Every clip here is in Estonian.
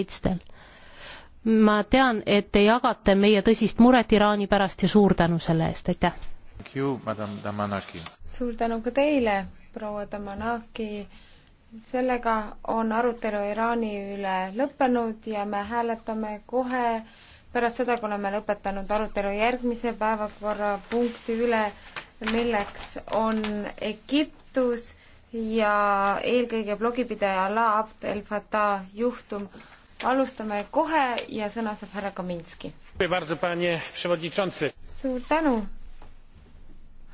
Britstel. ma tean, et te jagate meie tõsist muret Iraani pärast ja suur tänu selle eest, aitäh! suur tänu ka teile, proua Damanaki! sellega on arutelu Iraani üle lõppenud ja me hääletame kohe pärast seda, kui oleme lõpetanud arutelu järgmise päevakorrapunkti üle, milleks on Egiptus ja eelkõige blogipidaja Ala Abd El Fattah juhtum alustame kohe ja sõna saab härra Kaminski. suur tänu,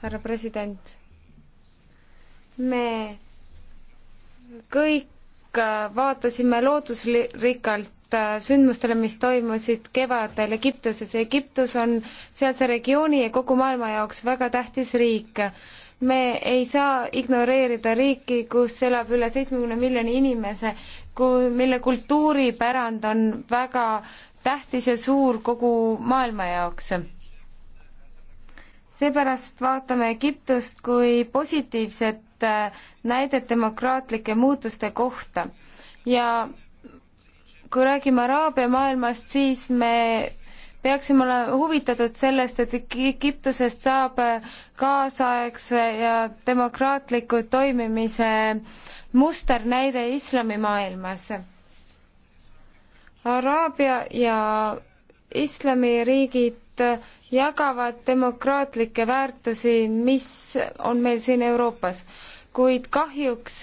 härra president. me kõik äh, vaatasime lootusrikkalt äh, sündmustele, mis toimusid kevadel Egiptuses. Egiptus on sealse regiooni ja kogu maailma jaoks väga tähtis riik me ei saa ignoreerida riiki, kus elab üle seitsmekümne miljoni inimese, kui, mille kultuuripärand on väga tähtis ja suur kogu maailma jaoks. seepärast vaatame Egiptust kui positiivset äh, näidet demokraatlike muutuste kohta ja kui räägime araabia maailmast, siis me peaksime olema huvitatud sellest, et Egiptusest saab äh, kaasaegse ja demokraatliku toimimise musternäide islamimaailmas. Araabia ja islamiriigid äh, jagavad demokraatlikke väärtusi, mis on meil siin Euroopas, kuid kahjuks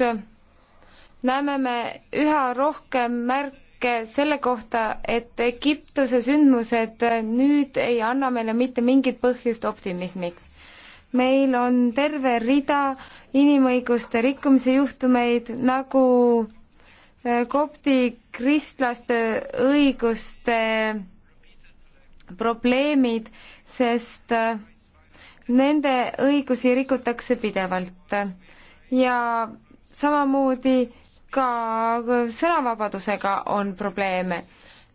näeme me üha rohkem märke märke selle kohta, et Egiptuse sündmused nüüd ei anna meile mitte mingit põhjust optimismiks. meil on terve rida inimõiguste rikkumise juhtumeid nagu äh, kopti kristlaste õiguste probleemid, sest äh, nende õigusi rikutakse pidevalt ja samamoodi ka sõnavabadusega on probleeme.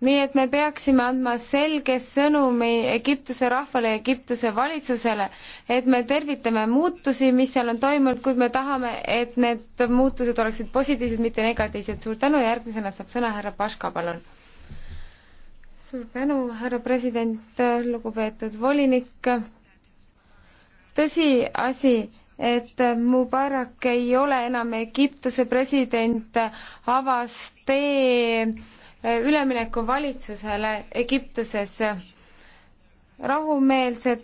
nii et me peaksime andma selge sõnumi Egiptuse rahvale ja Egiptuse valitsusele, et me tervitame muutusi, mis seal on toimunud, kuid me tahame, et need muutused oleksid positiivsed, mitte negatiivsed. suur tänu, järgmisena saab sõna härra Paška, palun. suur tänu, härra president, lugupeetud volinik. tõsiasi, et Mubarak ei ole enam Egiptuse president, avas tee eh, üleminekuvalitsusele Egiptuses. rahumeelset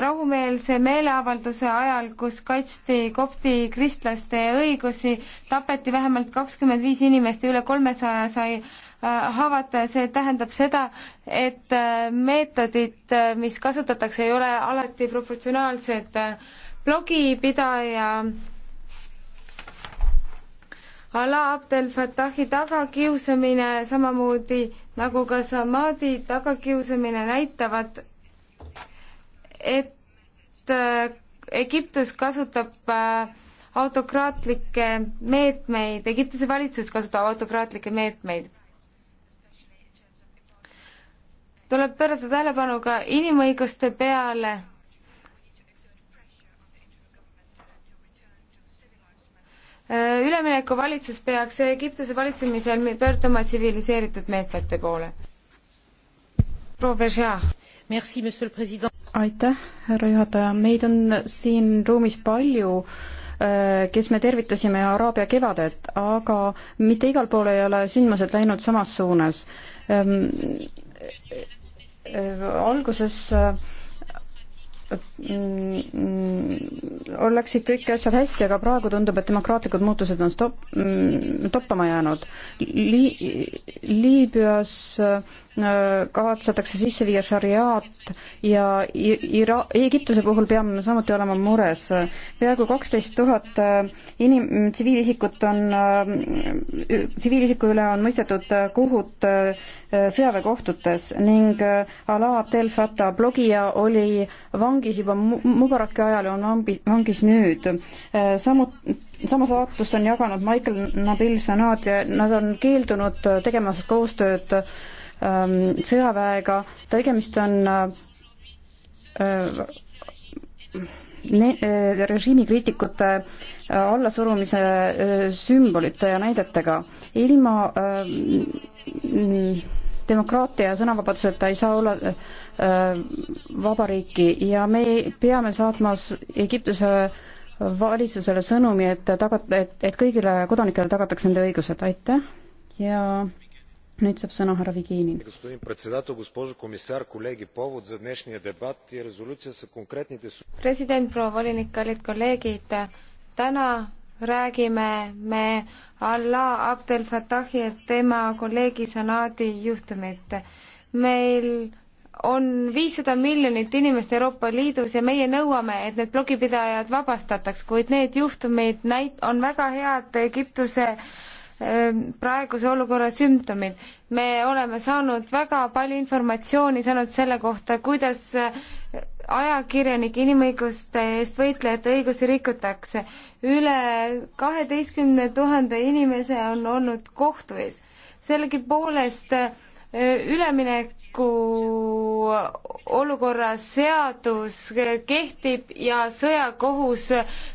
rahumeelse meeleavalduse ajal, kus kaitsti kopti kristlaste õigusi, tapeti vähemalt kakskümmend viis inimest ja üle kolmesaja sai eh, haavata ja see tähendab seda, et eh, meetodid, mis kasutatakse, ei ole alati proportsionaalsed blogipidaja Ala Abdel Fattahi tagakiusamine, samamoodi nagu ka Samadi tagakiusamine näitavad, et äh, Egiptus kasutab äh, autokraatlikke meetmeid, Egiptuse valitsus kasutab autokraatlikke meetmeid. tuleb pöörata tähelepanu ka inimõiguste peale Äh, üleminekuvalitsus peaks Egiptuse valitsemisel pöörduma tsiviliseeritud meetmete poole. proua Berger. aitäh, härra juhataja, meid on siin ruumis palju äh, kes me tervitasime Araabia kevadet, aga mitte igal pool ei ole sündmused läinud samas suunas. Ähm, äh, alguses äh, Mm, oleksid kõik asjad hästi, aga praegu tundub, et demokraatlikud muutused on stop-, mm, toppama jäänud Li. Liibüas Äh, kavatsetakse sisse viia šariaat ja Ira-, Egiptuse puhul peame samuti olema mures. peaaegu kaksteist tuhat äh, inim-, tsiviilisikut on, äh, tsiviilisiku üle on mõistetud kohut sõjaväekohtutes ning Alaa Abdel Fattah, blogija, oli vangis juba Mubaraki ajal ja on vambi-, vangis nüüd. samuti sama saatust on jaganud Michael Nabil Sanad ja nad on keeldunud tegemast koostööd Ähm, sõjaväega, tegemist on äh, ne-, äh, režiimikriitikute äh, allasurumise sümbolite ja näidetega. ilma demokraatia ja sõnavabaduseta ei saa olla vabariiki ja me peame saatma Egiptuse valitsusele sõnumi, et tagat-, et, et kõigile kodanikele tagatakse nende õigused, aitäh ja nüüd saab sõna härra Vigenin. president, proua volinik, kallid kolleegid, täna räägime me Allah Abdel Fattahi ja tema kolleegi Sanadi juhtumit. meil on viissada miljonit inimest Euroopa Liidus ja meie nõuame, et need blogipidajad vabastataks, kuid need juhtumid näit-, on väga head Egiptuse äh, Ehm, praeguse olukorra sümptomid. me oleme saanud väga palju informatsiooni saanud selle kohta, kuidas äh, ajakirjanike inimõiguste eest võitlejate õigusi rikutakse. üle kaheteistkümne tuhande inimese on olnud kohtu ees. sellegipoolest äh, üleminek julgeolekuolukorra seadus kehtib ja sõjakohus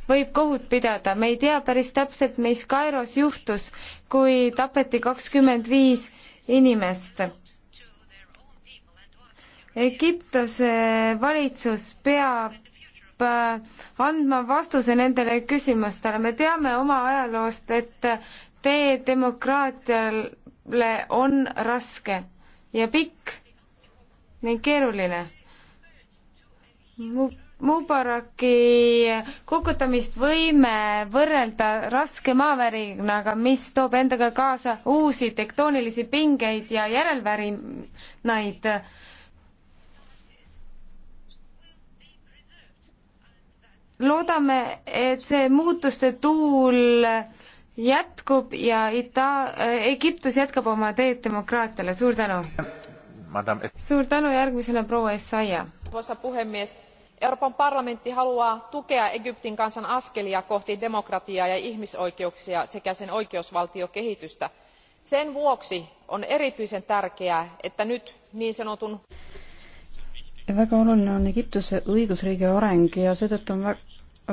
võib kohut pidada. me ei tea päris täpselt, mis Kairos juhtus, kui tapeti kakskümmend viis inimest. Egiptose valitsus peab äh, andma vastuse nendele küsimustele. me teame oma ajaloost, et tee demokraatiale on raske ja pikk ning keeruline. Mubaraki kukutamist võime võrrelda raske maavärinaga, mis toob endaga kaasa uusi tektoonilisi pingeid ja järelvärinaid. loodame, et see muutuste tuul jätkub ja Ita-, Egiptus jätkab oma teed demokraatiale, suur tänu! suur tänu järgmisena proua Essaia. arvoisa puhemies euroopan parlamentti haluaa tukea egyptin kansan askelia kohti demokratiaa ja ihmisoikeuksia sekä sen oikeusvaltiokehitystä. sen vuoksi on erityisen tärkeää että nyt niin sanotun väga oluline on Egiptuse õigusriigi areng ja seetõttu on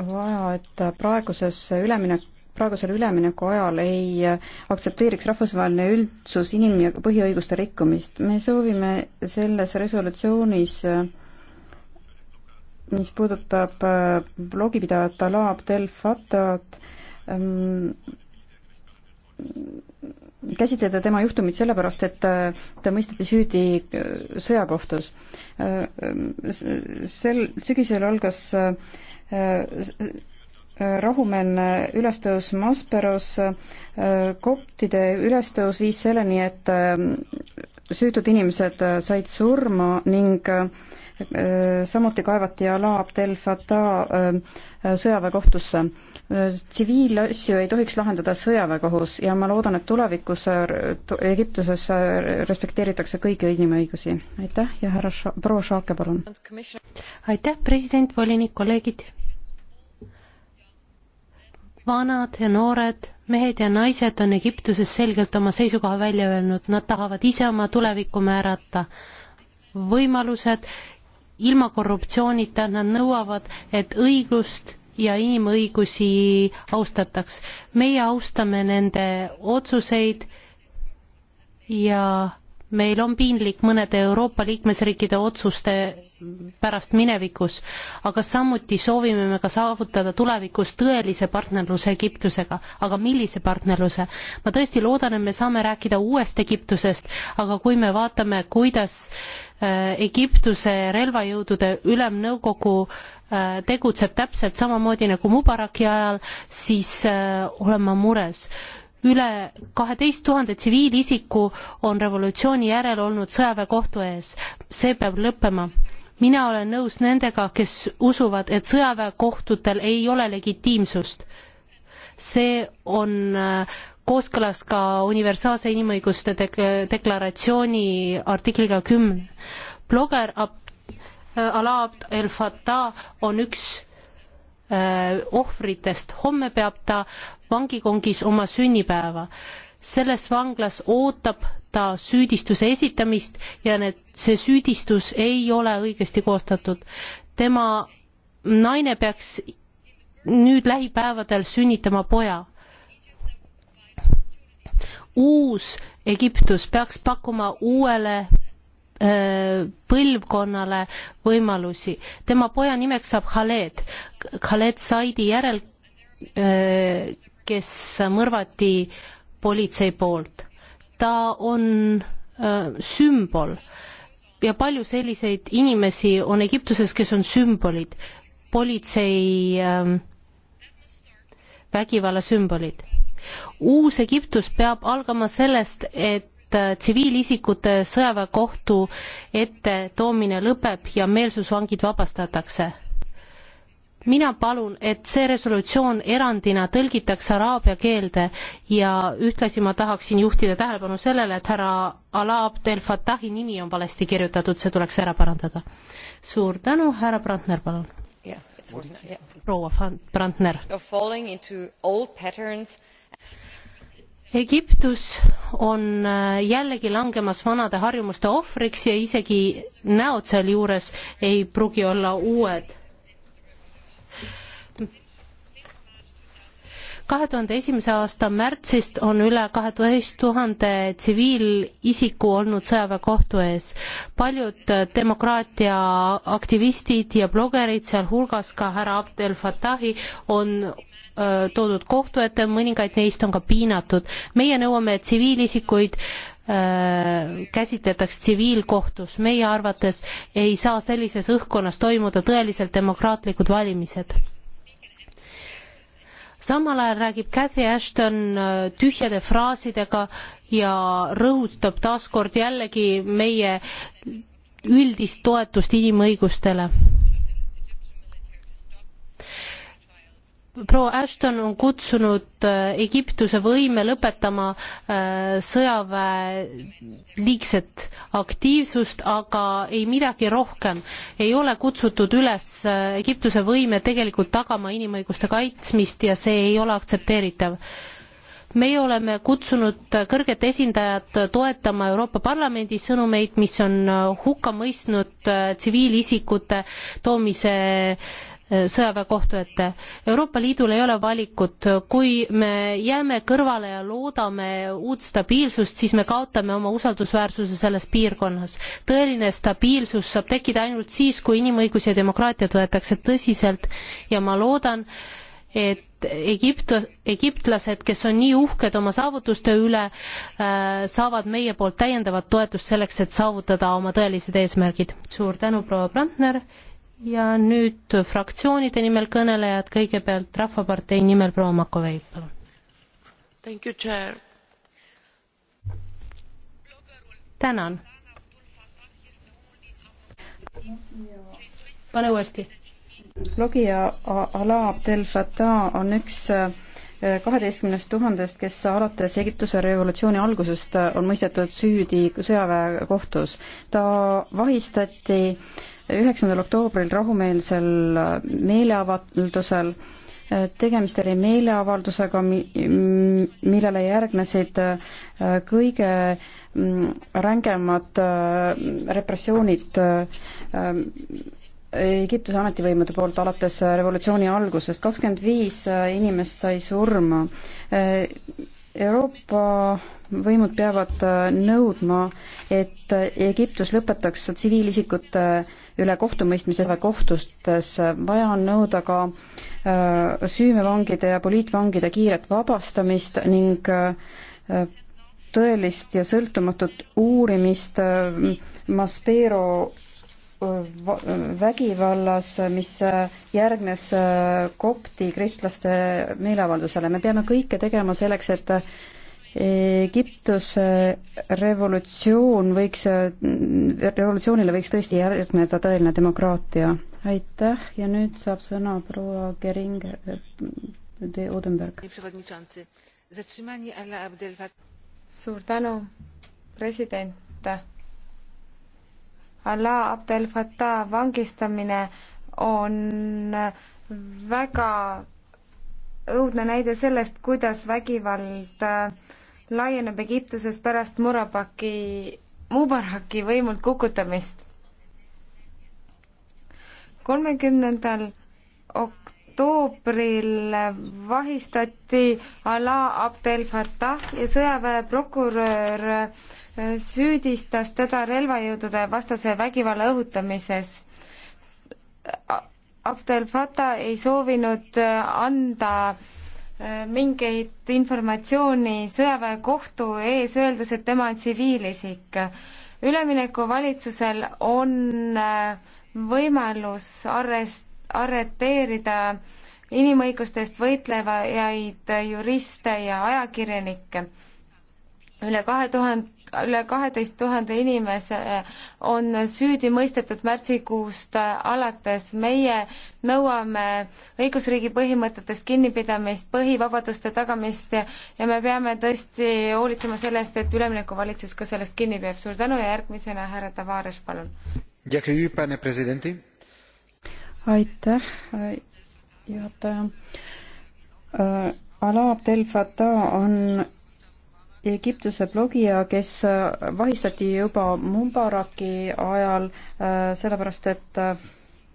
vaja, et praeguses üleminek praegusel ülemineku ajal ei aktsepteeriks rahvusvaheline üldsus inim- ja põhiõiguste rikkumist. me soovime selles resolutsioonis, mis puudutab blogipidajat äh, Alaa Abdel Fattat, ähm, käsitleda tema juhtumit sellepärast, et äh, ta mõisteti süüdi äh, sõjakohtus. Ähm, sel sügisel algas rahumeelne ülestõus Masperos, koptide ülestõus viis selleni, et äh, süütud inimesed äh, said surma ning äh, samuti kaevati Ala Abdel Fattah sõjaväekohtusse. tsiviilasju ei tohiks lahendada sõjaväekohus ja ma loodan, et tulevikus Egiptuses respekteeritakse kõiki inimõigusi. aitäh ja härra Ša-, proua Šaake, palun! aitäh, president, volinik, kolleegid! vanad ja noored mehed ja naised on Egiptuses selgelt oma seisukoha välja öelnud, nad tahavad ise oma tulevikku määrata. võimalused ilma korruptsioonita, nad nõuavad, et õiglust ja inimõigusi austataks. meie austame nende otsuseid ja meil on piinlik mõnede Euroopa liikmesriikide otsuste pärast minevikus, aga samuti soovime me ka saavutada tulevikus tõelise partnerluse Egiptusega. aga millise partnerluse? ma tõesti loodan, et me saame rääkida uuest Egiptusest, aga kui me vaatame, kuidas äh, Egiptuse relvajõudude ülemnõukogu äh, tegutseb täpselt samamoodi nagu Mubaraki ajal, siis äh, olen ma mures üle kaheteist tuhande tsiviilisiku on revolutsiooni järel olnud sõjaväekohtu ees. see peab lõppema mina olen nõus nendega, kes usuvad, et sõjaväekohtutel ei ole legitiimsust. see on äh, kooskõlas ka universaalse inimõiguste dek-, deklaratsiooni artikliga kümne. bloger Ab-, äh, Alaa Abd El Fattah on üks öö, äh, ohvritest, homme peab ta vangikongis oma sünnipäeva selles vanglas ootab ta süüdistuse esitamist ja need, see süüdistus ei ole õigesti koostatud. tema naine peaks nüüd lähipäevadel sünnitama poja. uus Egiptus peaks pakkuma uuele äh, põlvkonnale võimalusi. tema poja nimeks saab Khaled, Khaled Saidi järel, äh, kes mõrvati politsei poolt. ta on äh, sümbol ja palju selliseid inimesi on Egiptuses, kes on sümbolid, politsei äh, vägivalla sümbolid. uus Egiptus peab algama sellest, et äh, tsiviilisikute sõjaväekohtu ette toomine lõpeb ja meelsusvangid vabastatakse mina palun, et see resolutsioon erandina tõlgitakse araabia keelde ja ühtlasi ma tahaksin juhtida tähelepanu sellele, et härra Ala Abdel Fattahi nimi on valesti kirjutatud, see tuleks ära parandada. suur tänu, härra Brandner, palun. proua Brandner. Egiptus on äh, jällegi langemas vanade harjumuste ohvriks ja isegi näod sealjuures ei pruugi olla uued kahe tuhande esimese aasta märtsist on üle kaheteist tuhande tsiviilisiku olnud sõjaväekohtu ees. paljud demokraatia aktivistid ja blogerid, sealhulgas ka härra Abdel Fattahi, on toodud kohtu ette, mõningaid neist on ka piinatud. meie nõuame tsiviilisikuid käsitletaks tsiviilkohtus. meie arvates ei saa sellises õhkkonnas toimuda tõeliselt demokraatlikud valimised samal ajal räägib Cathy Ashton äh, tühjade fraasidega ja rõhutab taaskord jällegi meie üldist toetust inimõigustele. proua Ashton on kutsunud äh, Egiptuse võime lõpetama äh, sõjaväe liigset aktiivsust, aga ei midagi rohkem. ei ole kutsutud üles äh, Egiptuse võime tegelikult tagama inimõiguste kaitsmist ja see ei ole aktsepteeritav meie oleme kutsunud kõrget esindajat toetama Euroopa Parlamendi sõnumeid, mis on hukka mõistnud äh, tsiviilisikute toomise äh, Äh, sõjaväekohtu ette. Euroopa Liidul ei ole valikut, kui me jääme kõrvale ja loodame uut stabiilsust, siis me kaotame oma usaldusväärsuse selles piirkonnas. tõeline stabiilsus saab tekkida ainult siis, kui inimõigusi ja demokraatiat võetakse tõsiselt ja ma loodan, et Egipt, egiptlased, kes on nii uhked oma saavutuste üle, äh, saavad meie poolt täiendavat toetust selleks, et saavutada oma tõelised eesmärgid. suur tänu, proua Brandner ja nüüd fraktsioonide nimel kõnelejad, kõigepealt Rahvapartei nimel proua Makovei, palun. tänan. pane uuesti. blogija Ala Abdel Fattah on üks eh, kaheteistkümnest tuhandest, kes alates Egiptuse revolutsiooni algusest eh, on mõistetud süüdi sõjaväekohtus. ta vahistati äh, üheksandal oktoobril rahumeelsel meeleavaldusel. tegemist oli meeleavaldusega, millele järgnesid äh, kõige mm, rängemad äh, repressioonid äh, Egiptuse ametivõimude poolt alates revolutsiooni algusest. kakskümmend viis inimest sai surma. Euroopa võimud peavad nõudma, et Egiptus lõpetaks tsiviilisikute äh, üle kohtumõistmise kohtustes, vaja on nõuda ka äh, süümevangide ja poliitvangide kiiret vabastamist ning äh, tõelist ja sõltumatut uurimist äh, Maspero vägivallas, mis järgnes kopti kristlaste meeleavaldusele. me peame kõike tegema selleks, et Egiptuse revolutsioon võiks, revolutsioonile võiks tõesti järgneda tõeline demokraatia. aitäh ja nüüd saab sõna proua Gering de Odenberg. suur tänu, president. Allah Abdel Fattah vangistamine on väga õudne näide sellest, kuidas vägivald äh, laieneb Egiptuses pärast Murabaki, Mubaraki võimult kukutamist. kolmekümnendal ok-, oktoobril vahistati Ala Abdel Fattah ja sõjaväeprokurör äh, süüdistas teda relvajõudude vastase vägivalla õhutamises. Abdel Fattah ei soovinud äh, anda äh, mingeid informatsiooni sõjaväekohtu ees, öeldes, et tema on tsiviilisik. üleminekuvalitsusel on äh, võimalus arrest-, arreteerida inimõigustest võitlevaid juriste ja ajakirjanikke. üle kahe tuhande üle kaheteist tuhande inimese äh, on süüdi mõistetud märtsikuust äh, alates. meie nõuame õigusriigi põhimõtetest kinnipidamist, põhivabaduste tagamist ja me peame tõesti hoolitsema selle eest, et üleminekuvalitsus ka sellest kinni peab. suur tänu ja järgmisena härra Tavares, palun. aitäh, juhataja. Äh, Ala Abdel Fattah on Egiptuse blogija, kes äh, vahistati juba Mubaraki ajal äh, sellepärast, et äh,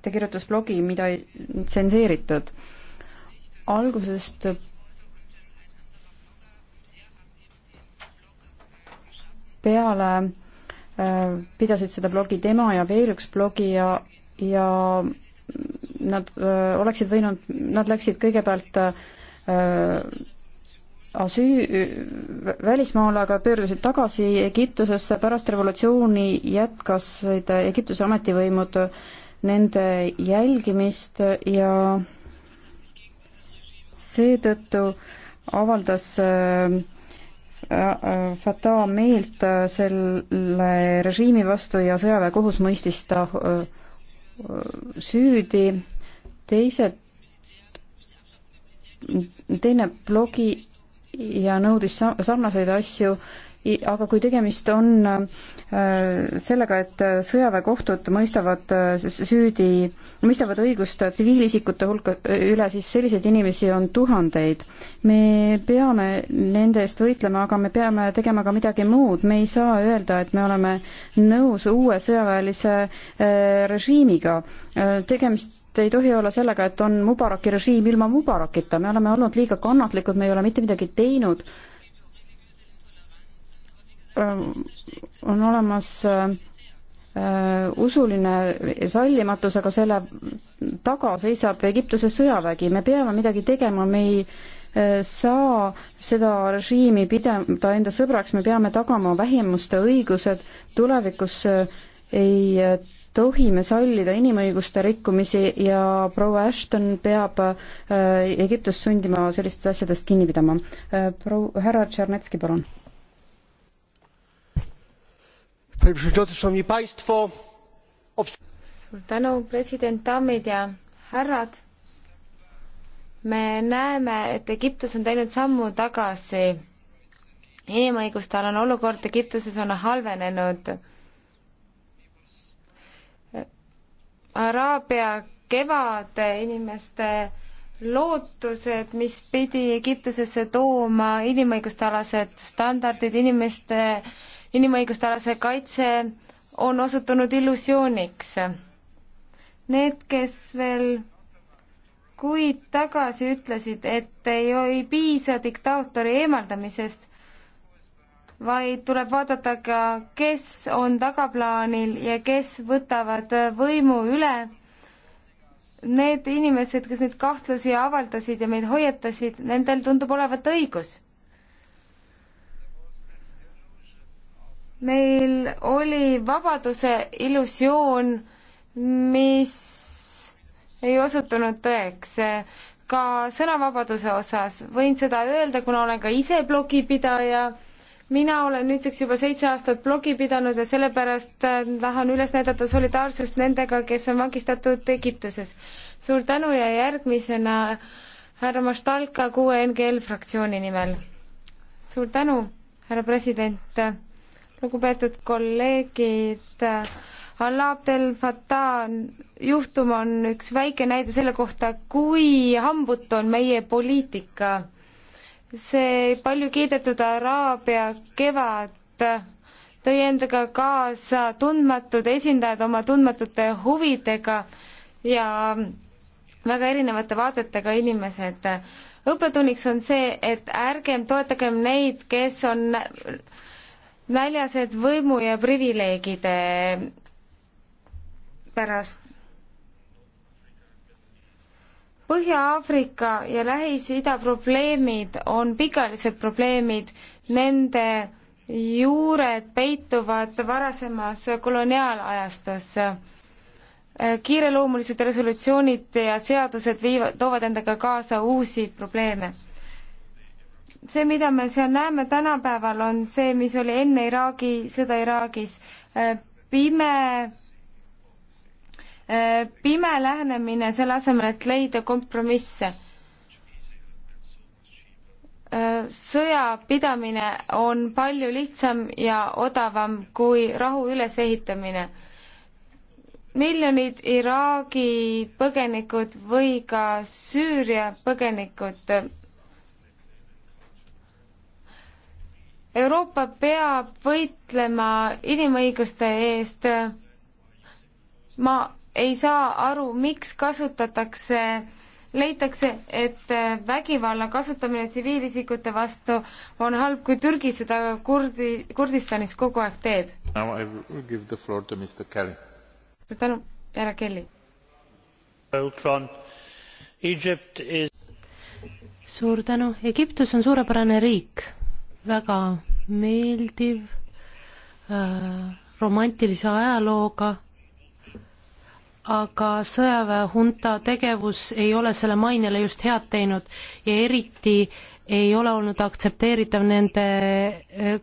ta kirjutas blogi, mida ei tsenseeritud. algusest peale pidasid seda blogi tema ja veel üks blogija ja nad öö, oleksid võinud, nad läksid kõigepealt öö, asüü-, välismaalaga pöördusid tagasi Egiptusesse, pärast revolutsiooni jätkasid Egiptuse ametivõimud nende jälgimist ja seetõttu avaldas äh, äh, Fatah meelt selle režiimi vastu ja sõjaväekohus mõistis ta äh, süüdi. teised, teine blogi ja nõudis sarnaseid asju, aga kui tegemist on äh, sellega, et sõjaväekohtud mõistavad äh, süüdi, mõistavad õigust tsiviilisikute hulka äh, üle, siis selliseid inimesi on tuhandeid. me peame nende eest võitlema, aga me peame tegema ka midagi muud, me ei saa öelda, et me oleme nõus uue sõjaväelise režiimiga. tegemist tegemist ei tohi olla sellega, et on Mubaraki režiim ilma Mubarakita, me oleme olnud liiga kannatlikud, me ei ole mitte midagi teinud. on olemas usuline sallimatus, aga selle taga seisab Egiptuse sõjavägi, me peame midagi tegema, me ei saa seda režiimi pidada enda sõbraks, me peame tagama vähemuste õigused, tulevikus ei tohime sallida inimõiguste rikkumisi ja proua Ashton peab äh, Egiptust sundima sellistest asjadest kinni pidama äh,. proua, härra Tšernetski, palun. suur tänu, president, daamid ja härrad. me näeme, et Egiptus on teinud sammu tagasi. inimõiguste alane olukord Egiptuses on halvenenud Araabia kevade inimeste lootused, mis pidi Egiptusesse tooma inimõiguste alased standardid, inimeste, inimõiguste alase kaitse on osutunud illusiooniks. Need, kes veel kuid tagasi ütlesid, et ei, ei piisa diktaatori eemaldamisest, vaid tuleb vaadata ka, kes on tagaplaanil ja kes võtavad võimu üle. Need inimesed, kes neid kahtlusi avaldasid ja meid hoiatasid, nendel tundub olevat õigus. meil oli vabaduse illusioon, mis ei osutunud tõeks ka sõnavabaduse osas. võin seda öelda, kuna olen ka ise blogipidaja mina olen nüüdseks juba seitse aastat blogi pidanud ja sellepärast äh, tahan üles näidata solidaarsust nendega, kes on vangistatud Egiptuses. suur tänu ja järgmisena härra Maštalka kuue NGL fraktsiooni nimel. suur tänu, härra president, lugupeetud kolleegid, Allah Abdel Fattah juhtum on üks väike näide selle kohta, kui hambutu on meie poliitika see palju kiidetud Araabia kevad tõi endaga kaasa tundmatud esindajad oma tundmatute huvidega ja väga erinevate vaadetega inimesed. õppetunniks on see, et ärgem toetagem neid, kes on näljased võimu ja privileegide pärast Põhja-Aafrika ja Lähis-Ida probleemid on pikaajalised probleemid, nende juured peituvad varasemas koloniaalajastus. kiireloomulised resolutsioonid ja seadused viivad, toovad endaga kaasa uusi probleeme. see, mida me seal näeme tänapäeval, on see, mis oli enne Iraagi sõda Iraagis. Äh, pime Äh, pime lähenemine selle asemel, et leida kompromisse. Äh, sõjapidamine on palju lihtsam ja odavam kui rahu ülesehitamine. miljonid Iraagi põgenikud või ka Süüria põgenikud Euroopa peab võitlema inimõiguste eest. ma ei saa aru, miks kasutatakse leitakse, et vägivalla kasutamine tsiviilisikute vastu on halb, kui Türgi seda kurdi, Kurdistanis kogu aeg teeb. suur tänu, härra Kelly. suur tänu, Egiptus on suurepärane riik, väga meeldiv äh,, romantilise ajalooga aga sõjaväehunta tegevus ei ole selle mainele just head teinud ja eriti ei ole olnud aktsepteeritav nende eh,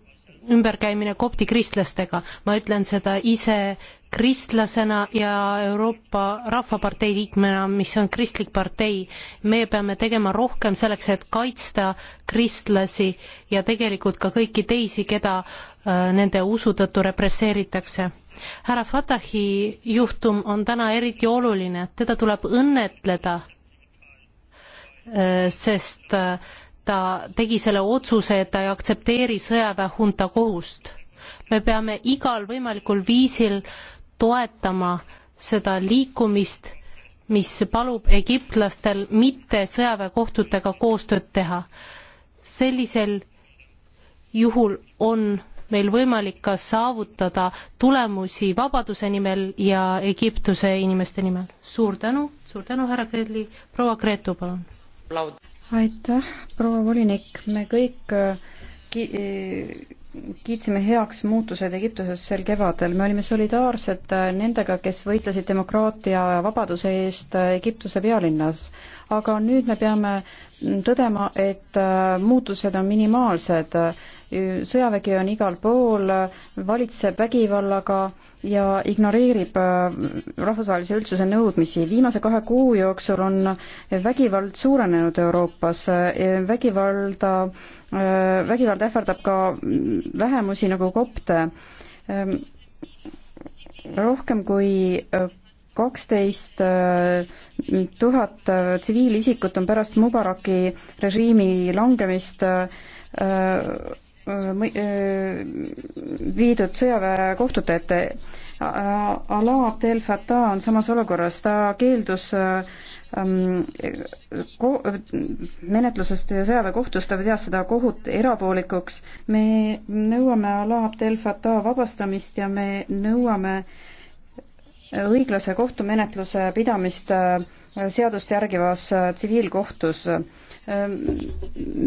ümberkäimine kopti kristlastega. ma ütlen seda ise kristlasena ja Euroopa Rahvapartei liikmena, mis on kristlik partei. me peame tegema rohkem selleks, et kaitsta kristlasi ja tegelikult ka kõiki teisi, keda eh, nende usu tõttu represseeritakse härra Fatahi juhtum on täna eriti oluline, teda tuleb õnnetleda, äh, sest äh, ta tegi selle otsuse, et ta ei aktsepteeri sõjaväehunta kohust. me peame igal võimalikul viisil toetama seda liikumist, mis palub egiptlastel mitte sõjaväekohtutega koostööd teha. sellisel juhul on meil võimalik ka saavutada tulemusi vabaduse nimel ja Egiptuse inimeste nimel. suur tänu, suur tänu, härra Kredli, proua Gretu, palun. aitäh, proua volinik, me kõik äh, ki-, äh, kiitsime heaks muutused Egiptuses sel kevadel, me olime solidaarsed äh, nendega, kes võitlesid demokraatia ja vabaduse eest Egiptuse pealinnas. aga nüüd me peame tõdema, et muutused on minimaalsed sõjavägi on igal pool, valitseb vägivallaga ja ignoreerib äh, rahvusvahelise üldsuse nõudmisi. viimase kahe kuu jooksul on vägivald suurenenud Euroopas, äh, vägivalda, äh, vägivald ähvardab ka vähemusi nagu kopte. Ähm, rohkem kui kaksteist tuhat tsiviilisikut on pärast Mubaraki režiimi langemist Äh, äh, viidud sõjaväekohtute ette. Alaa Abdel Fattah on samas olukorras, ta keeldus ähm, menetlusest sõjaväekohtus, ta pidas seda kohut erapoolikuks. me nõuame Alaa Abdel Fattah vabastamist ja me nõuame õiglase kohtumenetluse pidamist äh, seadust järgivas tsiviilkohtus Ehm,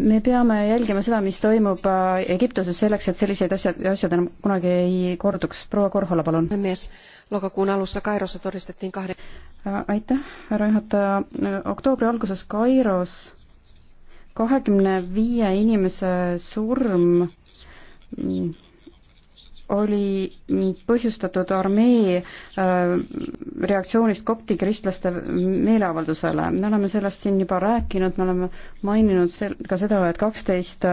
me peame jälgima seda, mis toimub äh, Egiptuses selleks, et sellised asjad, asjad enam kunagi ei korduks. proua Korhola, palun. lokakuun alussa Kairossa toristettiin kahde äh, aitäh, härra juhataja. Äh, oktoobri alguses Kairos kahekümne viie inimese surm mm, oli põhjustatud armee äh, reaktsioonist kopti kristlaste meeleavaldusele. me oleme sellest siin juba rääkinud, me oleme maininud sel-, ka seda, et kaksteist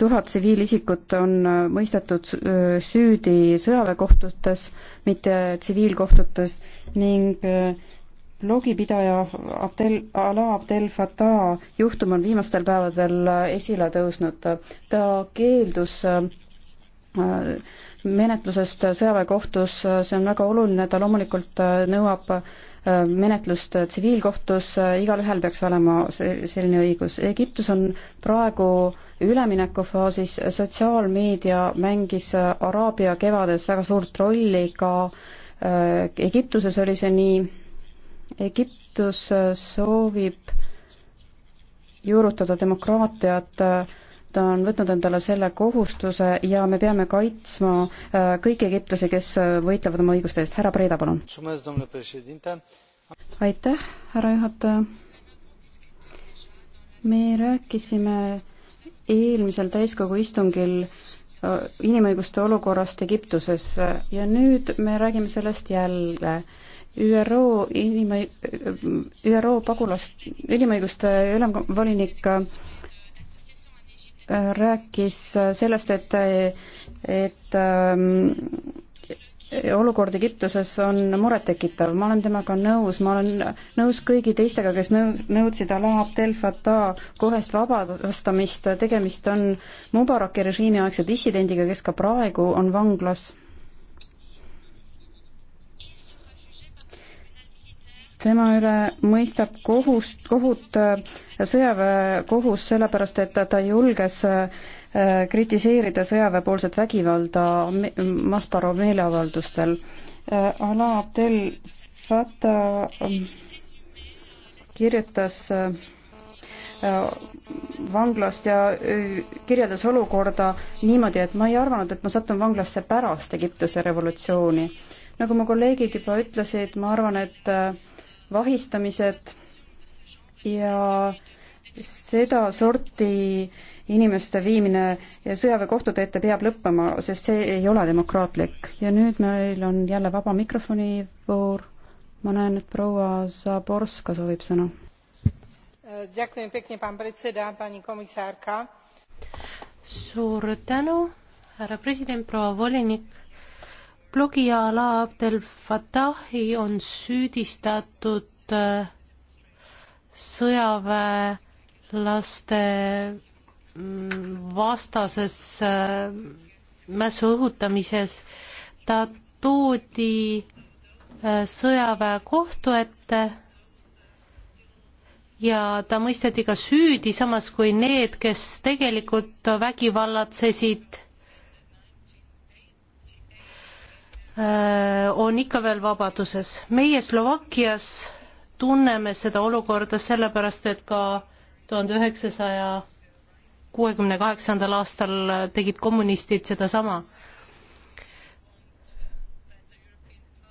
tuhat tsiviilisikut on äh, mõistetud äh, süüdi sõjaväekohtutes, mitte tsiviilkohtutes ning blogipidaja Abdel, Ala Abdel Fattah juhtum on viimastel päevadel esile tõusnud. ta keeldus äh, menetlusest sõjaväekohtus, see on väga oluline, ta loomulikult äh, nõuab äh, menetlust tsiviilkohtus, äh, igalühel peaks olema selline õigus. Egiptus on praegu üleminekufaasis, sotsiaalmeedia mängis Araabia kevades väga suurt rolli, ka Egiptuses oli see nii. Egiptus soovib juurutada demokraatiat äh, Liit on võtnud endale selle kohustuse ja me peame kaitsma äh, kõiki egiptlasi, kes äh, võitlevad oma õiguste eest. härra Preeda, palun. aitäh, härra juhataja. me rääkisime eelmisel täiskogu istungil äh, inimõiguste olukorrast Egiptuses ja nüüd me räägime sellest jälle ÜRO inima-, ÜRO pagulast, inimõiguste ülemvolinik rääkis sellest, et, et ähm, olukord Egiptuses on murettekitav, ma olen temaga nõus, ma olen nõus kõigi teistega, kes nõus, nõudsid Alaa Abdel Fattah kohest vabastamist, tegemist on Mubaraki režiimi aegse dissidendiga, kes ka praegu on vanglas tema üle mõistab kohust, kohut äh, sõjaväekohus sellepärast, et ta julges äh, kritiseerida sõjaväepoolset vägivalda Masparo meeleavaldustel. Äh, Ala Abdel Fattah ähm, kirjutas vanglast ja kirjeldas olukorda niimoodi, et ma ei arvanud, et ma satun vanglasse pärast Egiptuse revolutsiooni. nagu mu kolleegid juba ütlesid, ma arvan, et vahistamised ja sedasorti inimeste viimine sõjaväekohtade ette peab lõppema, sest see ei ole demokraatlik. ja nüüd meil on jälle vaba mikrofoni voor. ma näen, et proua Zaborska soovib sõna. suur tänu, härra president, proua volinik blogija Ala Abdel Fattahi on süüdistatud äh, sõjaväelaste mm, vastases äh, mässu õhutamises. ta toodi äh, sõjaväe kohtu ette ja ta mõisteti ka süüdi, samas kui need, kes tegelikult vägivallatsesid Äh, on ikka veel vabaduses. meie Slovakkias tunneme seda olukorda sellepärast, et ka tuhande üheksasaja kuuekümne kaheksandal aastal tegid kommunistid sedasama.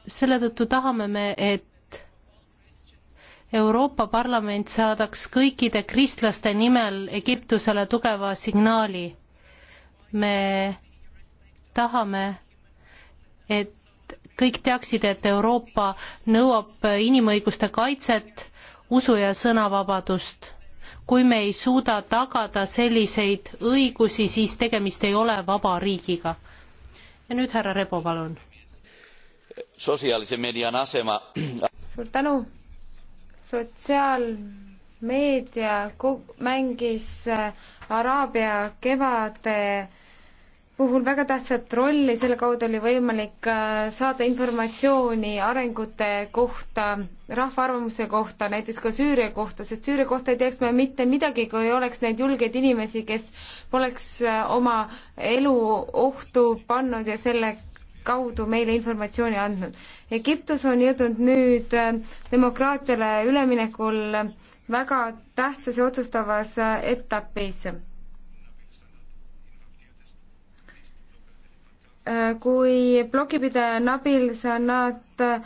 selle tõttu tahame me, et Euroopa Parlament saadaks kõikide kristlaste nimel Egiptusele tugeva signaali. me tahame, et kõik teaksid, et Euroopa nõuab inimõiguste kaitset, usu- ja sõnavabadust. kui me ei suuda tagada selliseid õigusi, siis tegemist ei ole vaba riigiga. ja nüüd härra Rebo, palun. sosiaalse median asema. suur tänu. sotsiaalmeedia mängis äh, Araabia kevade puhul väga tähtsat rolli, selle kaudu oli võimalik äh, saada informatsiooni arengute kohta, rahva arvamuse kohta, näiteks ka Süüria kohta, sest Süüria kohta ei teaks me mitte midagi, kui ei oleks neid julgeid inimesi, kes poleks äh, oma elu ohtu pannud ja selle kaudu meile informatsiooni andnud. Egiptus on jõudnud nüüd äh, demokraatiale üleminekul väga tähtsas ja otsustavas etapis kui blogipidaja Nabil Sanat äh,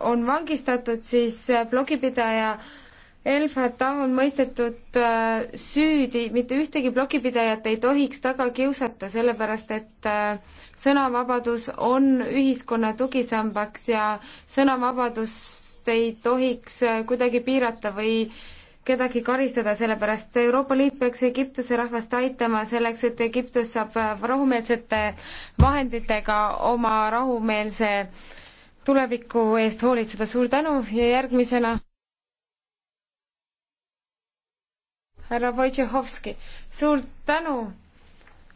on vangistatud, siis blogipidaja El Fatah on mõistetud äh, süüdi, mitte ühtegi blogipidajat ei tohiks taga kiusata, sellepärast et äh, sõnavabadus on ühiskonna tugisambaks ja sõnavabadust ei tohiks kuidagi piirata või kedagi karistada, sellepärast Euroopa Liit peaks Egiptuse rahvast aitama selleks, et Egiptus saab rahumeelsete vahenditega oma rahumeelse tuleviku eest hoolitseda. suur tänu ja järgmisena härra Wojciechowski, suur tänu!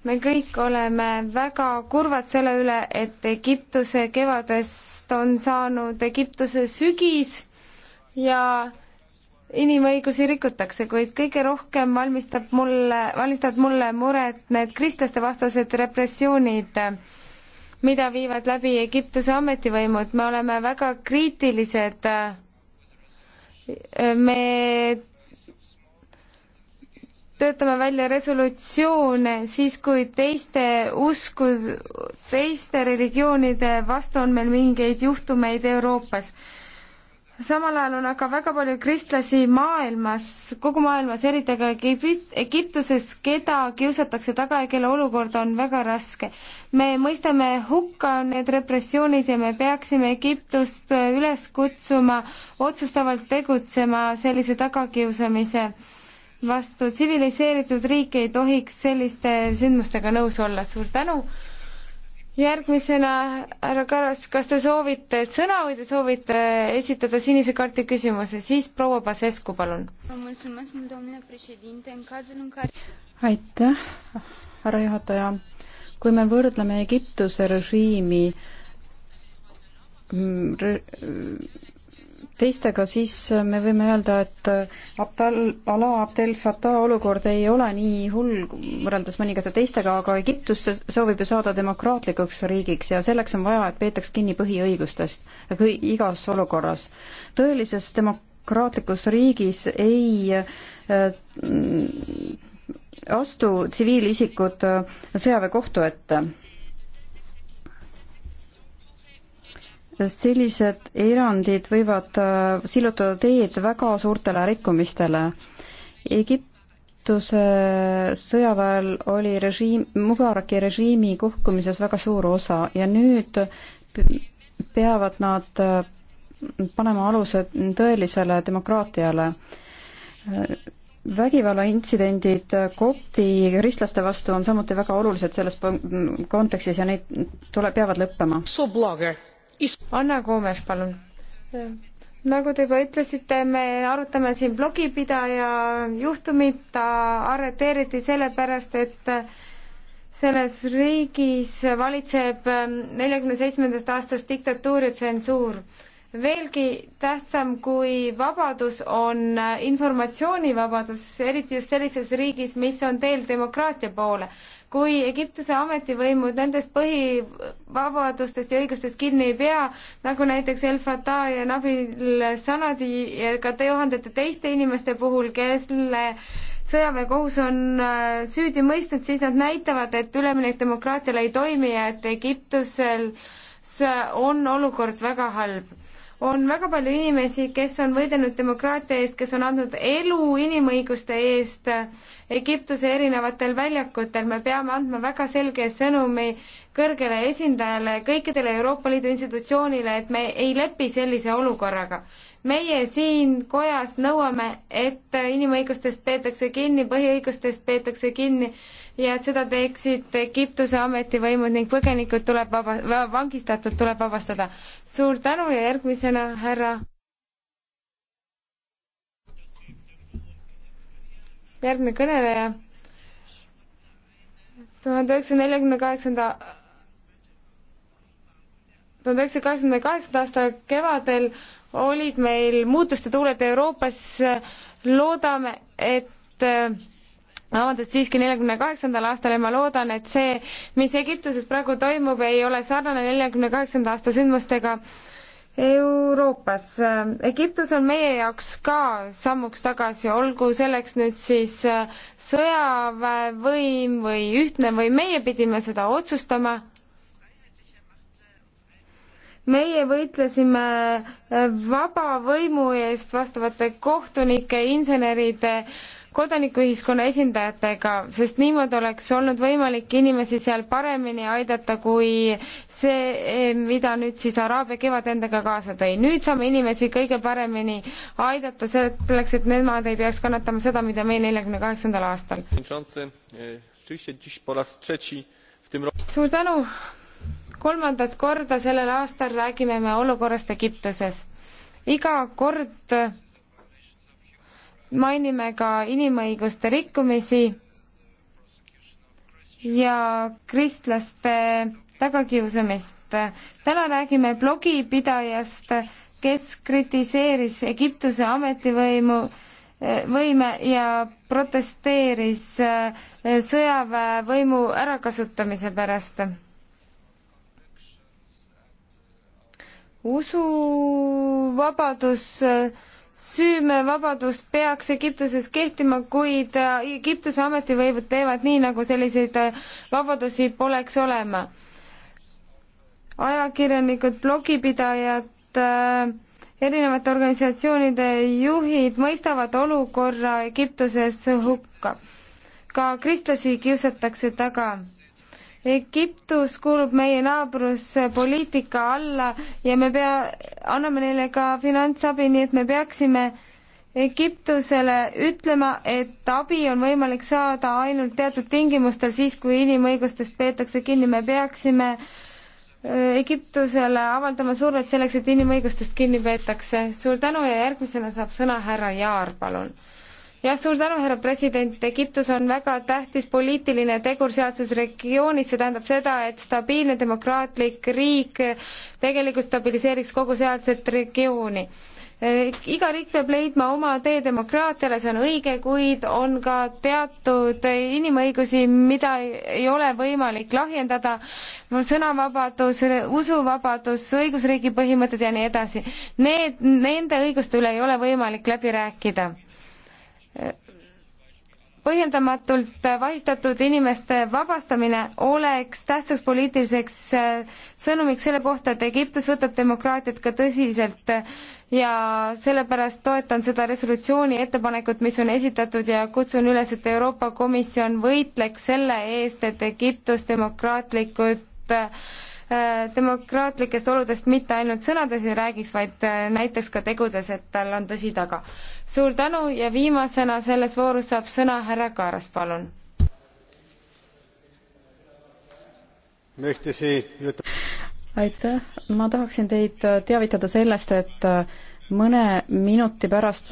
me kõik oleme väga kurvad selle üle, et Egiptuse kevadest on saanud Egiptuse sügis ja inimõigusi rikutakse, kuid kõige rohkem valmistab mulle, valmistavad mulle muret need kristlaste vastased repressioonid, mida viivad läbi Egiptuse ametivõimud, me oleme väga kriitilised. me töötame välja resolutsioone siis, kui teiste usku, teiste religioonide vastu on meil mingeid juhtumeid Euroopas samal ajal on aga väga palju kristlasi maailmas, kogu maailmas, eriti aga Egiptuses, keda kiusatakse taga ja kelle olukord on väga raske. me mõistame hukka need repressioonid ja me peaksime Egiptust äh, üles kutsuma otsustavalt tegutsema sellise tagakiusamise vastu. tsiviliseeritud riik ei tohiks selliste sündmustega nõus olla. suur tänu järgmisena, härra Karas, kas te soovite sõna või te soovite esitada sinise kaarti küsimuse, siis proua Pasescu, palun. aitäh, härra juhataja. kui me võrdleme Egiptuse režiimi re, teistega, siis me võime öelda, et Abdel, Alaa Abdel Fattah olukord ei ole nii hull võrreldes mõningate teistega, aga Egiptus soovib ju saada demokraatlikuks riigiks ja selleks on vaja, et peetaks kinni põhiõigustest kõi, igas olukorras. tõelises demokraatlikus riigis ei äh, astu tsiviilisikud äh, sõjaväekohtu ette sest sellised erandid võivad äh, sillutada teed väga suurtele rikkumistele. Egiptuse sõjaväel oli režiim, Mubaraki režiimi kuhkumises väga suur osa ja nüüd peavad nad äh, panema aluse tõelisele demokraatiale. vägivallaintsidendid kopti kristlaste vastu on samuti väga olulised selles kontekstis ja neid tule, peavad lõppema. Anna Koomes, palun nagu te juba ütlesite, me arutame siin blogipidaja juhtumit, ta arreteeriti sellepärast, et selles riigis valitseb ähm, neljakümne seitsmendast aastast diktatuur ja tsensuur veelgi tähtsam kui vabadus on informatsioonivabadus, eriti just sellises riigis, mis on teel demokraatia poole. kui Egiptuse ametivõimud nendest põhivabadustest ja õigustest kinni ei pea, nagu näiteks El Fatah ja Nabil Sanadi ja ka te juhendate teiste inimeste puhul, kelle sõjaväekohus on äh, süüdi mõistnud, siis nad näitavad, et üleminek demokraatiale ei toimi ja et Egiptusel on olukord väga halb on väga palju inimesi, kes on võidelnud demokraatia eest, kes on andnud elu inimõiguste eest Egiptuse erinevatel väljakutel. me peame andma väga selge sõnumi kõrgele esindajale, kõikidele Euroopa Liidu institutsioonile, et me ei lepi sellise olukorraga. meie siin kojas nõuame, et inimõigustest peetakse kinni, põhiõigustest peetakse kinni ja et seda teeksid Egiptuse ametivõimud ning põgenikud tuleb vaba, vangistatud tuleb vabastada. suur tänu ja järgmisena härra järgmine kõneleja tuhande üheksasaja neljakümne kaheksanda tuhande üheksasaja kaheksakümne kaheksanda aasta kevadel olid meil muutuste tuuled Euroopas, loodame, et äh, vabandust, siiski neljakümne kaheksandal aastal ja ma loodan, et see, mis Egiptuses praegu toimub, ei ole sarnane neljakümne kaheksanda aasta sündmustega Euroopas. Egiptus on meie jaoks ka sammuks tagasi, olgu selleks nüüd siis äh, sõjaväevõim või ühtne või meie pidime seda otsustama meie võitlesime äh, vaba võimu eest vastavate kohtunike, inseneride, kodanikuühiskonna esindajatega, sest niimoodi oleks olnud võimalik inimesi seal paremini aidata kui see, mida nüüd siis Araabia kevad endaga kaasa tõi. nüüd saame inimesi kõige paremini aidata selleks, et nemad ei peaks kannatama seda, mida meil neljakümne kaheksandal aastal. E, suur tänu! kolmandat korda sellel aastal räägime me olukorrast Egiptuses. iga kord mainime ka inimõiguste rikkumisi ja kristlaste tagakiusamist. täna räägime blogipidajast, kes kritiseeris Egiptuse ametivõimu, võime ja protesteeris äh, sõjaväevõimu ärakasutamise pärast usuvabadus, süümevabadus peaks Egiptuses kehtima, kuid äh, Egiptuse ametivõivud teevad nii, nagu selliseid äh, vabadusi poleks olema. ajakirjanikud, blogipidajad äh,, erinevate organisatsioonide juhid mõistavad olukorra Egiptuses hukka. ka kristlasi kiusatakse taga Egiptus kuulub meie naabruspoliitika alla ja me pea, anname neile ka finantsabi, nii et me peaksime Egiptusele ütlema, et abi on võimalik saada ainult teatud tingimustel, siis kui inimõigustest peetakse kinni, me peaksime äh, Egiptusele avaldama survet selleks, et inimõigustest kinni peetakse. suur tänu ja järgmisena saab sõna härra Jaar, palun jah, suur tänu, härra president, Egiptus on väga tähtis poliitiline tegur sealses regioonis, see tähendab seda, et stabiilne demokraatlik riik tegelikult stabiliseeriks kogu sealset regiooni. Eh, iga riik peab leidma oma tee demokraatiale, see on õige, kuid on ka teatud inimõigusi, mida ei ole võimalik lahjendada, sõnavabadus, usuvabadus, õigusriigi põhimõtted ja nii edasi. Need, nende õiguste üle ei ole võimalik läbi rääkida põhjendamatult vahistatud inimeste vabastamine oleks tähtsaks poliitiliseks äh, sõnumiks selle kohta, et Egiptus võtab demokraatiat ka tõsiselt ja sellepärast toetan seda resolutsiooni ettepanekut, mis on esitatud ja kutsun üles, et Euroopa Komisjon võitleks selle eest, et Egiptus demokraatlikud äh, Äh, demokraatlikest oludest mitte ainult sõnades ei räägiks, vaid äh, näiteks ka tegudes, et tal on tõsi taga. suur tänu ja viimasena selles voorus saab sõna härra Kaaras, palun. aitäh, ma tahaksin teid teavitada sellest, et äh, mõne minuti pärast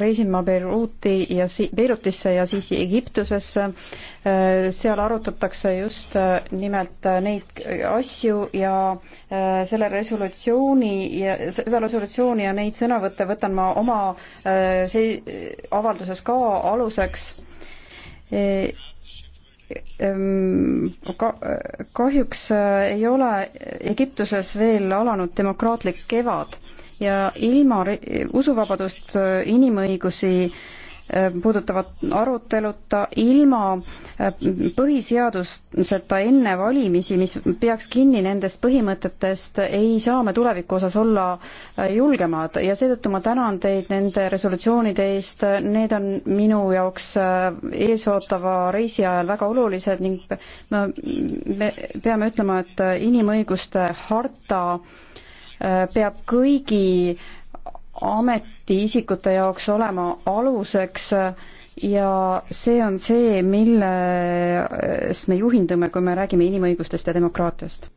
reisin ma Beiruti ja si-, Beirutisse ja siis Egiptusesse. seal arutatakse just äh, nimelt äh, neid asju ja äh, selle resolutsiooni ja seda resolutsiooni ja neid sõnavõtte võtan ma oma see avalduses ka aluseks e-, ehm, ka-, kahjuks ei ole Egiptuses veel alanud demokraatlik kevad ja ilma usuvabadust, äh, inimõigusi äh, puudutavat aruteluta, ilma äh, põhiseaduseta enne valimisi, mis peaks kinni nendest põhimõtetest, ei saa me tuleviku osas olla julgemad ja seetõttu ma tänan teid nende resolutsioonide eest, need on minu jaoks eesootava reisi ajal väga olulised ning me, me peame ütlema, et inimõiguste harta Äh, peab kõigi ametiisikute jaoks olema aluseks äh, ja see on see, millest äh, me juhindume, kui me räägime inimõigustest ja demokraatiast.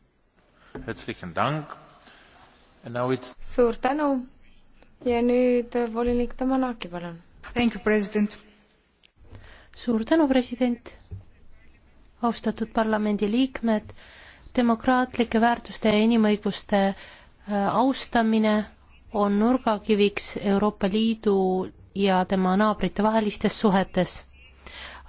suur tänu ja nüüd volinik Tamanaki, palun. suur tänu, president. austatud parlamendiliikmed, demokraatlike väärtuste ja inimõiguste Äh, austamine on nurgakiviks Euroopa Liidu ja tema naabrite vahelistes suhetes.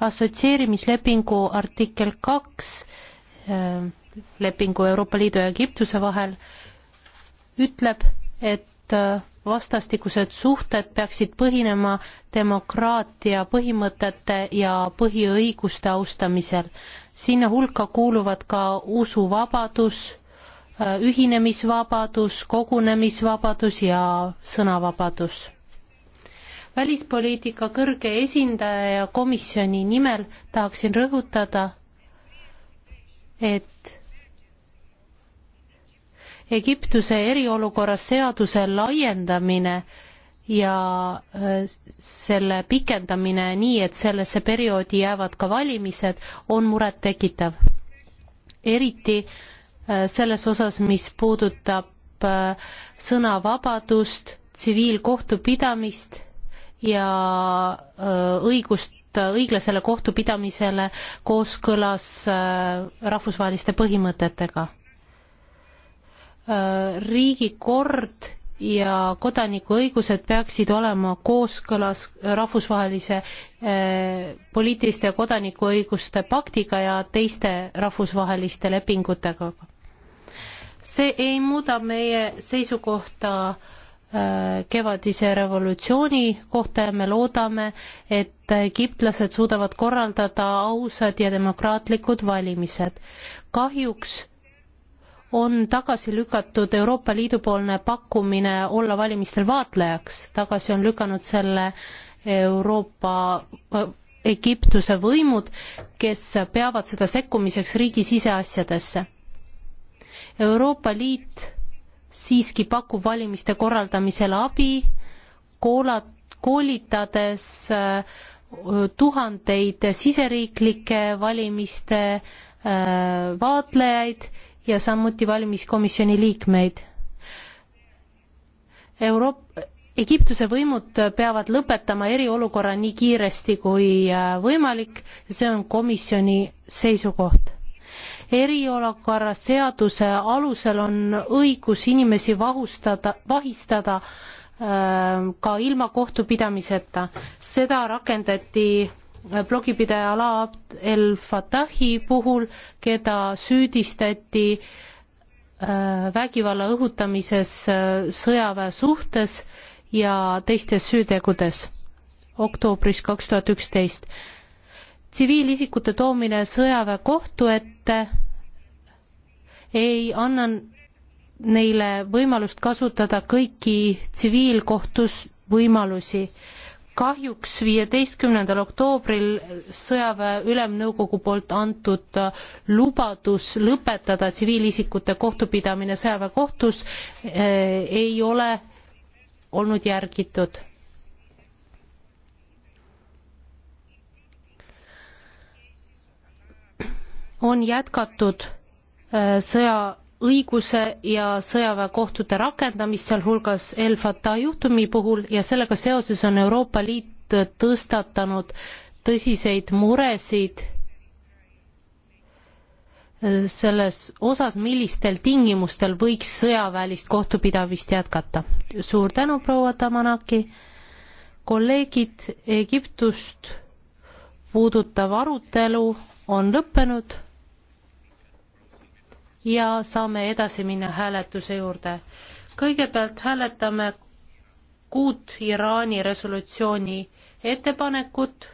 assotsieerimislepingu artikkel kaks äh, lepingu Euroopa Liidu ja Egiptuse vahel ütleb, et äh, vastastikused suhted peaksid põhinema demokraatia põhimõtete ja põhiõiguste austamisel. sinna hulka kuuluvad ka usuvabadus, Äh, ühinemisvabadus, kogunemisvabadus ja sõnavabadus. välispoliitika kõrge esindaja ja komisjoni nimel tahaksin rõhutada, et Egiptuse eriolukorra seaduse laiendamine ja äh, selle pikendamine nii, et sellesse perioodi jäävad ka valimised, on murettekitav. eriti äh, Äh, selles osas, mis puudutab äh, sõnavabadust, tsiviilkohtupidamist ja äh, õigust õiglasele kohtupidamisele kooskõlas rahvusvaheliste põhimõtetega. riigikord ja kodanikuõigused peaksid olema kooskõlas rahvusvahelise poliitiliste ja kodanikuõiguste paktiga ja teiste rahvusvaheliste lepingutega see ei muuda meie seisukohta äh, kevadise revolutsiooni kohta ja me loodame, et egiptlased suudavad korraldada ausad ja demokraatlikud valimised. kahjuks on tagasi lükatud Euroopa Liidu poolne pakkumine olla valimistel vaatlejaks, tagasi on lükanud selle Euroopa äh, Egiptuse võimud, kes peavad seda sekkumiseks riigi siseasjadesse Euroopa Liit siiski pakub valimiste korraldamisele abi, koolad, koolitades äh, tuhandeid siseriiklike valimiste äh, vaatlejaid ja samuti valimiskomisjoni liikmeid. Euroop-, Egiptuse võimud peavad lõpetama eriolukorra nii kiiresti kui äh, võimalik ja see on komisjoni seisukoht eriolukorra seaduse alusel on õigus inimesi vahustada, vahistada ähm, ka ilma kohtupidamiseta. seda rakendati äh, blogipidaja Ala El Fatahi puhul, keda süüdistati äh, vägivalla õhutamises äh, sõjaväe suhtes ja teistes süütegudes oktoobris kaks tuhat üksteist tsiviilisikute toomine sõjaväekohtu ette ei anna neile võimalust kasutada kõiki tsiviilkohtus võimalusi. kahjuks viieteistkümnendal oktoobril sõjaväe ülemnõukogu poolt antud lubadus lõpetada tsiviilisikute kohtupidamine sõjaväekohtus eh, ei ole olnud järgitud on jätkatud äh, sõja õiguse ja sõjaväekohtute rakendamist, sealhulgas El Fatah juhtumi puhul ja sellega seoses on Euroopa Liit tõstatanud tõsiseid muresid selles osas, millistel tingimustel võiks sõjaväelist kohtupidamist jätkata. suur tänu, proua Tamanaki. kolleegid, Egiptust puudutav arutelu on lõppenud ja saame edasi minna hääletuse juurde. kõigepealt hääletame kuut Iraani resolutsiooni ettepanekut